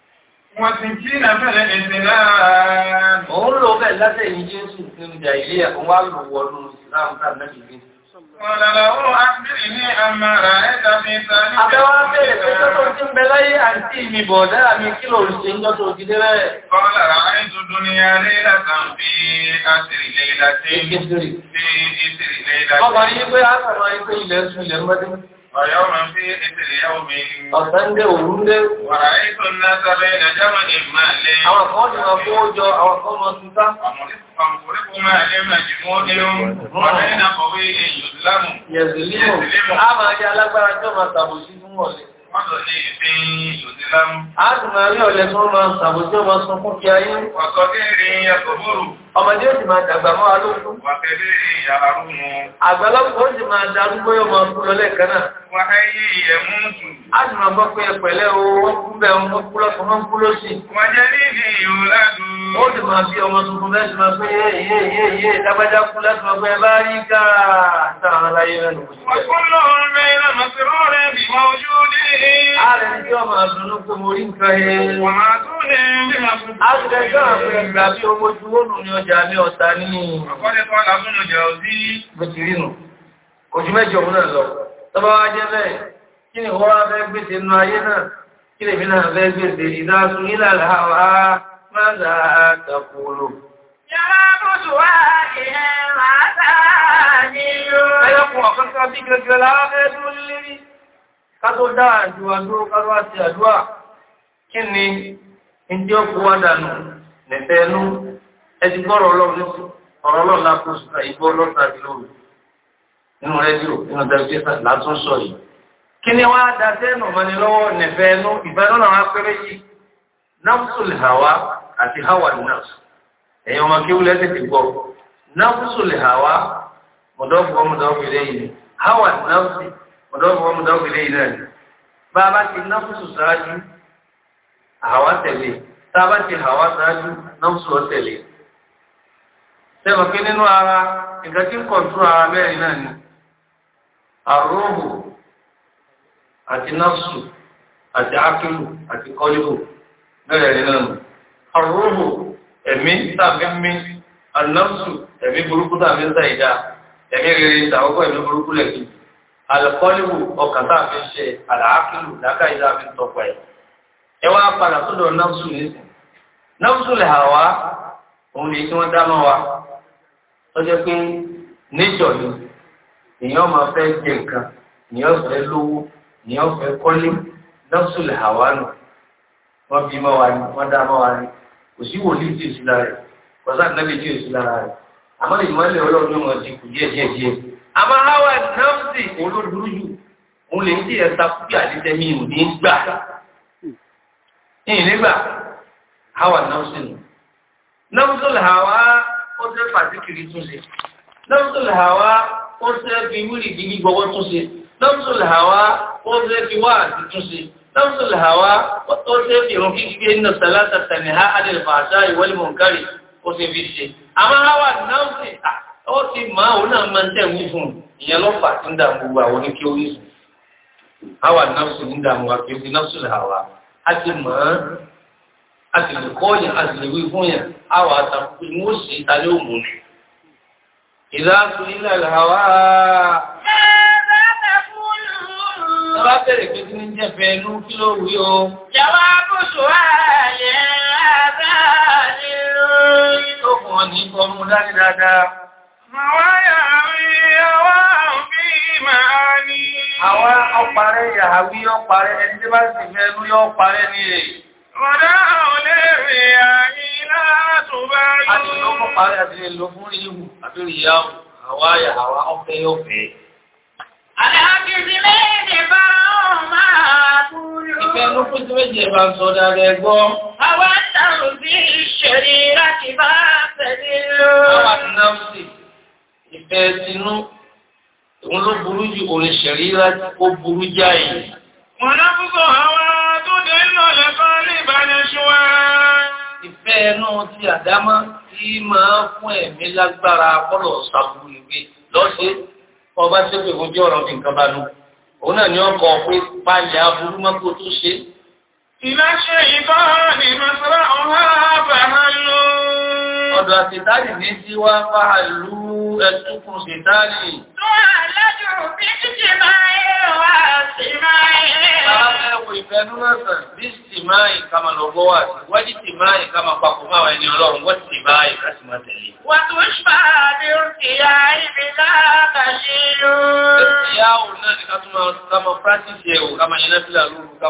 Wọ́n ti kí náà fẹ́lẹ̀ ẹ̀sẹ̀ náà. Òun lò bẹ́ẹ̀ látẹ̀yìn Jésù nínú ìjà ilé ẹ̀kọ́ wá lò wọnú ìsìláàmù tàbí náà jìbí. Àbẹ́wá bèèrè pé tó tó ti ń bẹ láyé àti ìmì bọ̀dá mi kí lò ń ń jọ́tò òjìdé rẹ̀. Kọ́lá àárín dúdú ni a rí látàn bí àtìrìlẹ̀ ìlàtí. Ìgbésìrì. Bí ìtìrìlẹ̀ Ọ̀sán dé òun dé. Wàrà ètò náà sábẹ́ ìdájọ́ mọ̀ ní ìmọ̀ lé. Àwọn kan ti máa kó jọ, àwọn kan máa tún sá. Àmọ̀lẹ́kùn máa lé màjì mọ́ ní oòrùn. Wọ́n ní ìdàkọ̀wé èèyàn lámù. Yẹ̀zùlímù. A máa jẹ́ alágbára tí máa tàbòsí fún ọ̀lẹ́. Wọ́n lọ ní ìfẹ́ ọmọdé ó sì máa dàgbà mọ́ alóòkú. Wàkẹ́lẹ́ ìyá arúgbó. Àgbàlagbà ó sì máa darúgbó yóò máa kú lọ lẹ́ẹ̀kan náà. Wàhẹ́yẹ ìyẹ̀ mú tù. A sì máa gbọ́ pé ẹ̀pẹ̀lẹ́ o, wọ́n kú bẹ́ẹ̀ wọ́n kú lọ́sùn, wọ́n kú lọ́sì. Wàjẹ́ níbi ìyó ládùn. Ó sì máa bí ọmọ ọlọ́jà alẹ́ ọ̀ta nínú ojú mẹ́jọ mú náà lọ tọ́bá wá jẹ́ bẹ́ẹ̀ kí ni wọ́n wá fẹ́ gbèsè nínú ayé náà kí lè mìíràn fẹ́ gbèsè ìdásún ìlàlá wá máa tàkùlù Ẹlọ́kùn ọ̀kọ́kọ́ bí gẹ́gẹ́ láàrẹ́ dúró lérí, ká tó dáa àjúwà dúró kárọ́ àti àdúwà, kí ni ìjọ́ kó nẹ̀fẹ́ ẹnú, ẹtì ọlọ́run ọ̀rọ̀ ọlọ́run ọlọ́run tàbí nínú rẹ́díò nínú látún sọ yìí. kí ni wa yìí hawa àti hawa ẹ̀yin ọmọ kí tètè gbọ́ hawa mọ̀dọ́gbọ́ yìí hawa mọ̀dọ́gbọ́ yìí náà bá ti hawa tẹ̀lé tá a bá hawa tẹ̀lé sẹ́wọ̀n pé nínú ara nǹkan tí ń ara mẹ́rin náà ni àróhù àti násù àti ákìlù àti kọ́líbù mẹ́rẹ̀ẹ̀rin náà nù àróhù ẹ̀mí tàbí mí ànásù ẹ̀mí burúkú tàbí ń sàìdá emi rere tàwọ́kọ́ ẹ̀mí burúkú lẹ́kì lọ́jọ́ pé nature ni èèyàn máa fẹ́ jẹ nǹkan èèyàn fẹ́ lówó èèyàn fẹ́ kọ́lé lọ́sùlẹ̀ àwánù wọ́n fi mọ́ wa ni wọ́n dá mọ́ wa ni kò sí wòlíì tí èsì lára rẹ̀ kò sáà nẹ́bí tí èsì lára rẹ̀ àmọ́ ìmọ̀lẹ̀ ọlọ́run yóò máa ti kù díẹ̀ díẹ̀ díẹ̀ àmọ́ hawa nọ́ọ̀sì olódùrú jù òun lè ń tiẹ̀ ta kúkí àdìsẹ́mi ò ní gbà ní ìnígbà hawa nọ́ọ̀sì nù nọ́ọ̀sì hawa ó ṣe fàtíkìrì tún ṣe lọ́pùtù làwá ó ṣe fi wúrì gígí gbọ́wọ́ tún ṣe lọ́pùtù làwá ó ṣe fi wá àti tún ṣe lọ́pùtù làwá ó ṣe fi ìrun kíkí gbé nínú sàlátà tàní ha adìl fàṣà ìwọlé mọ̀nkárì ó ṣe fi ṣe àmọ́ àwa náà ṣe ó ti máa òun náà máa ń tẹ̀ wí fún ìyẹn lọ́fà tí ń dààmú a sì lè kọ́ yẹn a sì lè wí fún yẹn àwọn àtàkùn pé mo sì ta ló mú mi. ìlàsùn ilẹ̀ làwà. Bá bẹ̀rẹ̀ pé kí ní jẹ́ fẹ́ ẹnu kí ló wí o. Yàwá bóṣù ààyè àbá nílò. Tó fún ọ Àwọn ọparẹ́ yàrá ọparẹ́ ẹni tí bá sì fẹ́ ẹnu ọparẹ́ ní èyí. Kọ̀dá ọ̀lẹ́ rẹ̀ àyílá tó bá yóò. A ti lọ fún parí àti lọ fún ìhù àti ìyá àwa àyà àwa ọ̀fẹ́ ọ̀fẹ́. Àdáàkìsí méje bá ọmọ àkúrò. Ìfẹ́ ló fún sí méje bá ń sọ dára ẹgbọ́. Àwa ń tàrù sí ìṣẹ̀rí láti bá tẹ̀lé lọ. Àwọn àti náà sì, ìfẹ́ tinú, òun ló burú ju òun ṣẹ̀rí láti kó burú jáì. Mọ̀nà púpọ̀ àwọn Ìfẹ́ ẹnu ti àdámá tí máa fún ẹ̀mí lágbára kọ́lọ̀ ṣàbúrú ìgbé lọ́ṣẹ́ ọba ṣẹ́fẹ̀ ojú ọ̀rọ̀ bí nǹkan bá nú. Òun náà ni ọkọ̀ pé pálẹ̀ aburú mọ́kò tó ṣe. Ìláṣẹ́ ìbára ni Màṣírà ọ̀há ọ̀dọ̀ àṣìtárì ní sí wá fàálù ẹ̀tùkùn ṣìtárì. Tó àlájò bí títì máa ẹ̀rọ wà sí máa ẹ̀rẹ́. Bá ẹwọ ìfẹ́númọ̀sàn bí sì máa ìkàmàlọ́gbọ́ wà sí, wọ́n jí sì máa ìkàmàpapọ̀ máa ẹni ọlọ́run, wọ́n sì máa ìkàsìmọ̀ tẹ̀lé. Wà tó ṣpá bí ni ká tún máa ká máa practice ẹ̀ o, ká máa yẹn náfìlà wa kò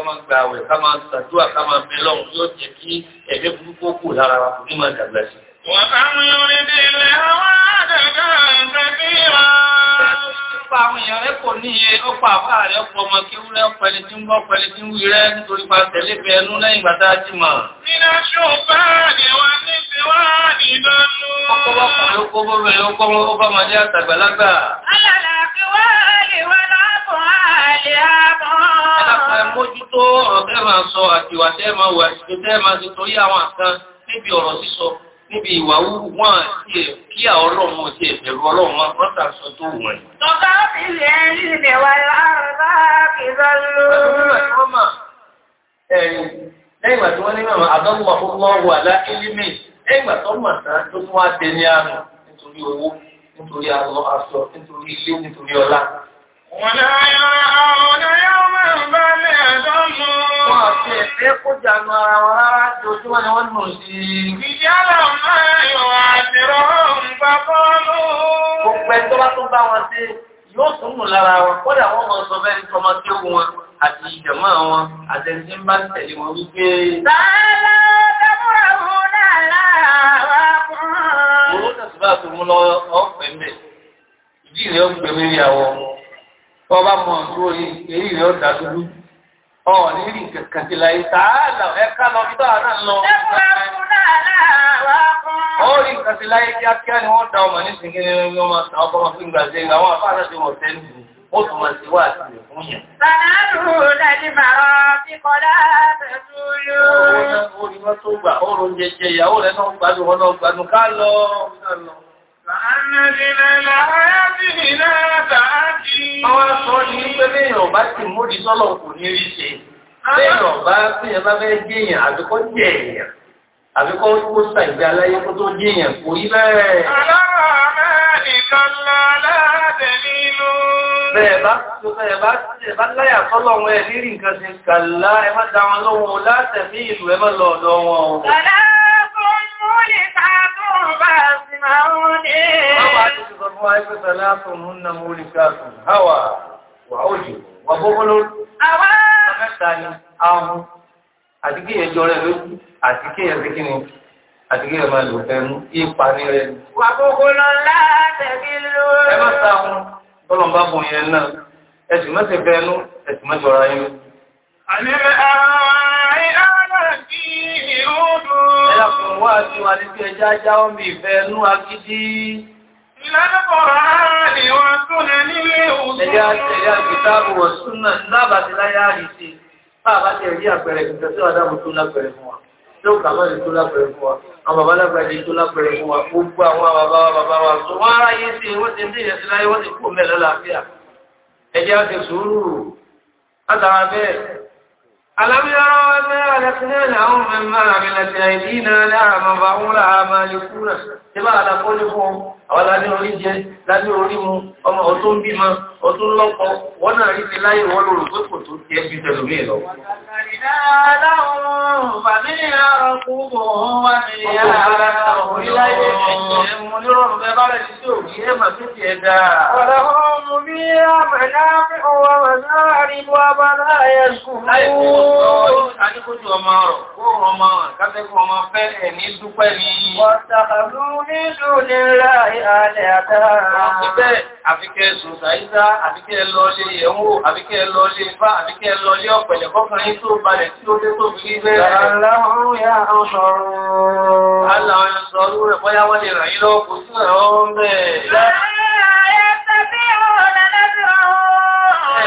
ní Wọ̀n yọrìdì ilẹ̀ àwọn àdàgà ìgbẹ̀bí wa. Nípa àwọn èèyàn rẹ̀ kò ní iye, ó pa àfá rẹ̀ ọ̀pọ̀ ọmọ kí ó rẹ̀ pẹ̀lú tí ń bọ́ pẹ̀lú tí ń wí rẹ̀ nítorí pa tẹ̀lé lẹ́yìn gbàtà jìmọ̀. Nínú ṣùgbọ́n àdìwá ní ti wá nìdánú. Ọ̀pọ̀lọpọ̀ ló kó bó bẹ̀rẹ̀ ó kọ́ ó níbi ìwà wúrú wọn àti ẹ̀ kí àwọn ọlọ́run ti ẹ̀bẹ̀rù ọlọ́run wọn wọ́n tà sọ tó wọ̀n. Tọ́ká fi lè rí ilẹ̀ wà láàrùbá kìlọ́ ló. Lẹ́yìn ìgbà tí wọ́n ní mẹ́wàá, àdọ́gbọ̀ àkókò wà láìlímì. Lẹ́yìn ìgbà tó mọ̀ tán tó tún wá ولا يرعون يوما بليظلوا وفي قدام ورات وجوان والمسيح يجعلوا ما يعذرهم فقالوا Gbogbo tó bá tún bá wọn sí yóò tún mú lára wọn, kódà wọ́n mọ̀ sọ bẹ́ẹ̀ ní tọmọ tí ó wọn àti ìjọmọ́ wọn àtẹ̀sí ń bá tẹ̀lé wọn wípé. Bàálá dábúrà wọn láàárọ̀ wá fún. Owó tẹ̀síwájú mú lọ ọ̀pẹ̀ mẹ́. Ìdí rẹ̀ ó gbẹ̀mí rí àwọn ọba mọ̀ tó èyí rẹ̀ ọ̀dà dúdú ọ̀ọ̀ní rí kankan ti láyé tààlà ẹ̀ka lọ bí tọ́wà náà lọ ọ̀rí kankan ti láyé kíákíá ni wọ́n da ọmọ ní sìnkí ní ọmọ ọkọ̀ ọmọ fún ìgbà jẹ́ àwọn afárá ti wọ̀ tẹ́lú ó tún mọ̀ sí wà sí fún yẹn. sànàdù dàdí màrọ bí kọlá tẹ̀tù Àwọn aṣọ ní pé léèyàn ọba ti mórí sọ́lọ̀ kò ní rí ṣe. Léèyàn ọba tí ẹ bá fẹ́ gbéyàn àbíkọ́ jẹ èèyàn. Àbíkọ́ ó sàìgbé aláyé kó tó gbéyàn kò rí bẹ́ẹ̀. Bẹ́ẹ̀ bá tó bẹ́ẹ̀ bá tí láyà sọ́lọ̀ wọn ẹ nǹkan sí kàlá ẹ wọn lóhun láti ìlú ẹ má wọn. Kàlá ثلاث هن مولكات هوى وعجب وبغل فمتاني آه àtìkí ẹjọ́ rẹ̀ lójú àtìkí ẹ̀ síkíní àtìkí ẹ̀ máa lò fẹ́mú ipa ní rẹ̀. wà gbogbo lọ látẹ̀bí ló. ẹ má sáwọn tọ́lọ̀mbá bùn yẹn náà ẹ̀sùn mẹ́sẹ̀ fẹ́ẹ́nú ẹ̀sùn mẹ́jọra yẹn. àní wá sí wa ní pé ẹjá já wọ́n bí ìfẹ́ ẹnú agídí. Ìlànà Yóò kàmọ́ lè tó lápẹ̀rẹ̀ fún wa, àwọn bàbá lápẹ̀rẹ̀ lè tó lápẹ̀rẹ̀ fún wa, gbogbo àwọn bàbá bàbá wa, tó wọ́n ará yé sí wọ́n ti ní ìyẹ̀sí láyé wọ́n ti kó mẹ́lọ́lá àfíà. Ẹjẹ́ á ti sùúrù, látara bẹ́ẹ̀, ألم يروا أنا ألقنا لهم مما عملت أيدينا لها مبعولها مالكون تبع لقولهم àwọn lábẹ́ orí jẹ lábẹ́ orí mu ọmọ ọtún bímọ ọtún lọ́pọ̀ wọ́n náà rí ti láyé wọ́n lòrò pé kò tó ti ẹbí tẹlómi lọ. Adékòjú ọmọ ọ̀rọ̀, ọmọ fẹ́ ẹ̀ ní dúpẹ́ ní. Wọ́n tàbí ní alẹ́ àtàrà. Wọ́n ti bẹ́ẹ̀ àfikẹ́ àfikẹ́ lọlé ẹ̀wọ́, àfikẹ́ lọlé bá, àfikẹ́ lọlé ọ̀pẹ̀lẹ̀ kọkànlẹ̀ tó balẹ̀ tí ó dé tó fi rí bẹ́ẹ̀. Àláhùn yá ọ̀sọ̀rọ̀. Àláhùn yá ọ̀sọ̀rọ̀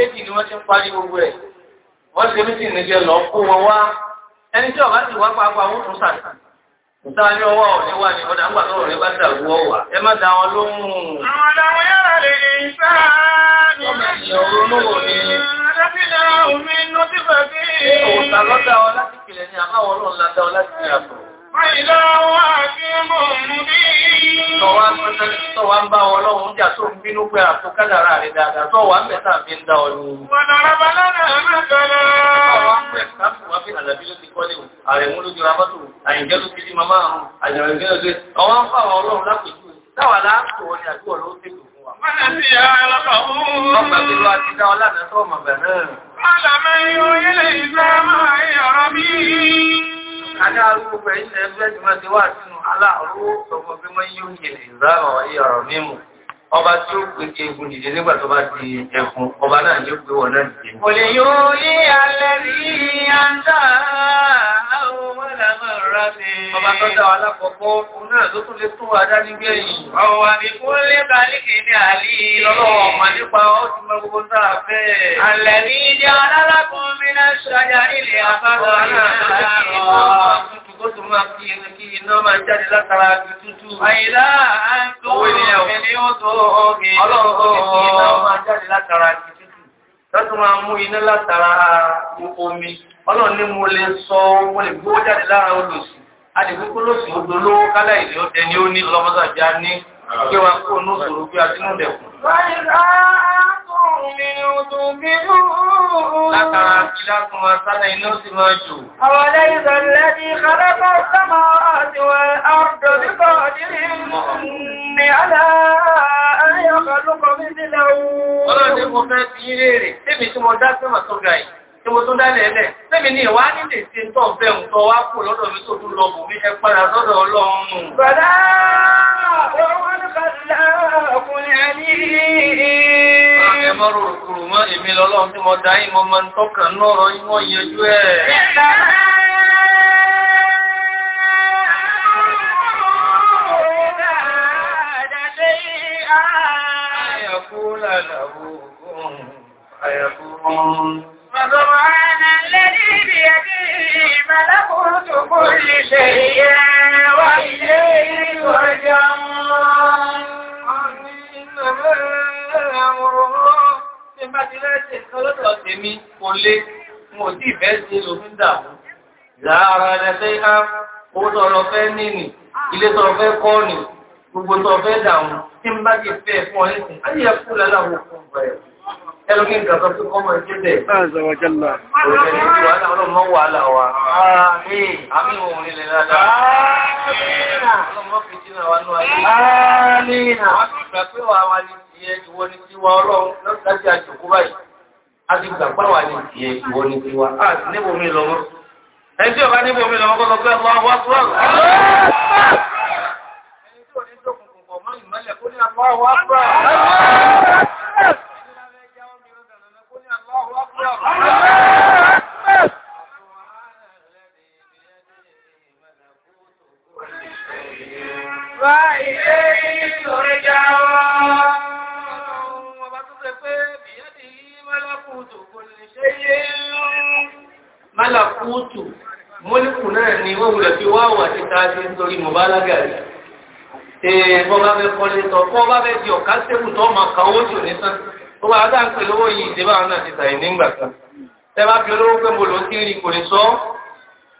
méjì ni wọ́n ti ń parí gbogbo ẹ̀ wọ́n ṣe méjì nìjẹ́ lọ kó wọn wá ẹni tí ọba ti wá E wọ́n tún sàtì ìtara ní ọwọ́ òní wà ní ọ̀dà ńgbà bá ẹ má da wọn lóhùn. àwọn ọ̀dà wọn yára lè ní sáà ní ọ̀dà Àìlá wa kí mò ń bí. jà tó ń bínú pé àtúkádàrà rẹ̀ dáadáa tọ́wà ń bẹ̀ta fi ń dá ọlú. Wọ́n dára bá lọ́nà mẹ́tọ́lá. Tọ́wá ń bẹ̀ sáfù wá fi àlàbí ló ti kọ́lé o. Àrẹ̀mú ló jọra mọ́tò, àyìnjẹ́ ló ti di mamá àrùn, àjọ̀rẹ̀ gẹ́gẹ́ gẹ́. Ọwọ́ ń fà ọlọ́run lápẹ̀jú. Táwà láàpù wọn ni àdúgbò ló ti dùn fún wa. Mọ́nà Adá arúgbó pẹ̀lú ẹgbẹ́ ti máa ti wà sínú aláàrúwó sọ̀fọ́ bí mọ́ yóò yẹ̀ ìzáàrọ̀ ayé ọ̀rọ̀ mímú ọba tí ó pè ké egun dìde nígbà tó bá di ẹkùn ọba náà yóò pè wọ náà dìde. kò lè yóò ní alẹ́ rí àǹtà àwọn ọmọdàmọ́ra mi. ọba tó dá wa lákọ̀ọ́kọ́ òun náà tó tún lè tún wa dá nígbé yìí. ọwọ́ àmì fún lé balíkì ní àlè. lọ́wọ́ ọmọ nípa ó ti mọ gbogbo tá a fẹ́. alẹ́ rí jẹ́ alálákùnrin náà ṣàjà nílé àbábọ̀ ó tún máa fi ẹni kí iná máa jáde látara ti tútù. Àyílá àńtó ẹni ó tó omi. Ọlọ́run ó ní kí iná máa jáde látara ti tútù. Tọ́tún máa mú iná látara omi. Ọlọ́run ní mo lè sọ mo lè gbówó jáde lára olùsù. Adìgbókó lòsì ó dolówó kálá ìlú ọdẹ ni ó ní lọ́mọ́sàbí a ní. Gbé wa kó nù sòrò bí a ti nù dẹ̀kùn. Wọ́n Látara ìlàkùn àtàlà iná sì máa jù. Àwọn ẹlẹ́yìnzọ̀ lẹ́dí kàrẹ́kọ̀ sọ́mọ àti wọ́n àrùdọ̀ bíkọ̀ dìrí ní aláàríyànkọ̀ lókọ̀ mí sílẹ̀ ooo. Ọlọ́dé mo fẹ́ ti yí léèrè, tèmi tí mo dá sẹ́mà tó ga yìí, tí mo tó dálẹ̀ ẹlẹ̀, tèmi ní ìwá nílè sí tọ́ bẹ́ẹ̀ ń tọ́ wá kò lọ́dọ̀ mi tó dún lọ bò mí ẹ padà lọ́dọ̀ Ọlọ́run. Bàdá وهو الخلاق العليم Àmẹ́mọ́rò òkúrò mọ́ èmi lọ́lọ́run tí mo dá ìmọ̀ mọ́ tọ́kà náà rọ ìmọ̀ ìyẹjú ẹ̀. Ẹ̀yà kú lálàwò فسبحان الذي بيده ملكوت كل شيء وإليه يرجعون إنما أمره bá ti lẹ́sẹ̀ lọ́dọ̀ tèmi kò lé mo tí ìfẹ́ sí lòfin dàmú lára ẹ̀lẹ́fẹ́ á owó tọrọ fẹ́ nìní ilé tọrọ fẹ́ kọ́ ni gbogbo tọrọ fẹ́ dàmú tí ń bá ti fẹ́ fún ọ nísìn á yẹ kú lálàwọ̀ fún ọ̀rẹ́ ẹlòmí nǹkan kan tó kọ́mọ̀ ṣe bẹ̀. Àzọ̀wọ̀jọ́lá. Òṣèlú ti wà láwọn ọmọ wàhálà wa. Àmín. Àmín òun ilẹ̀ dáadáa. Àmín. Ọlọ́mọ fìtínà wa nú ayé. Àmín. Wọ́n ti gbà pé wà wá ní tiẹ̀ ìwọ ní tiwa ọlọ́run lọ́sàájì àjòkó báyìí. A ti gbà pé wà ní tiẹ̀ ìwọ ní tiwa. A ti níbo mi lọ́wọ́. Ẹni tí ò bá níbo mi lọ́wọ́ kọ́ lọ pé ọmọ wa tó ọ̀rọ̀. Ẹni tí ò ní malakutu mọ́líkù náà ni wọ́n wulẹ̀ fi wá wà títa sí nítorí mọ̀bálágà rẹ̀ ee bọ́ bá fẹ́ kọ́lé tọ́ bọ́ bá fẹ́ di ọ̀ká sẹ́kù tó máa ka owó tì ní sàn ó bá dá ń pè lówó yìí ìdébà náà ti tàyè nígbà kan tẹ́ bá fi olówó pé mo lò ó sí rí kò ní sọ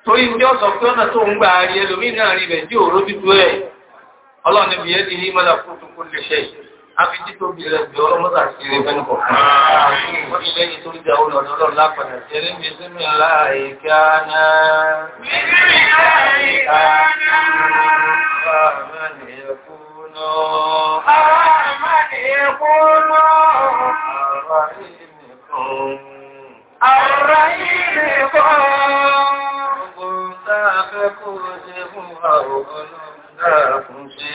torí ní ọ̀sọ̀ pé ọ̀nà tó ń gbà rí ẹlòmíì náà rí bẹ̀ tí òró bí tu ẹ̀ ọlọ́ọ̀ni bìyẹ́ di ní mọ́lá fún tukú lè ṣe àfi títóbi rẹ̀ bí ọlọ́mọ́sà sí rẹ̀ fẹ́ nìkan. wọ́n ti lẹ́yìn tó rí ìjà olè ọ̀dọ́ lọ́la mi sí mi láàyè káná. mi sí mi láàyè káná. bàbá mi ẹ kú ná. bàbá mi ẹ kú ná. bàbá mi kún. àrà yìí kún. gbogbo tá a fẹ́ kó ṣe fún àwọn ọlọ́run dáa fún ṣe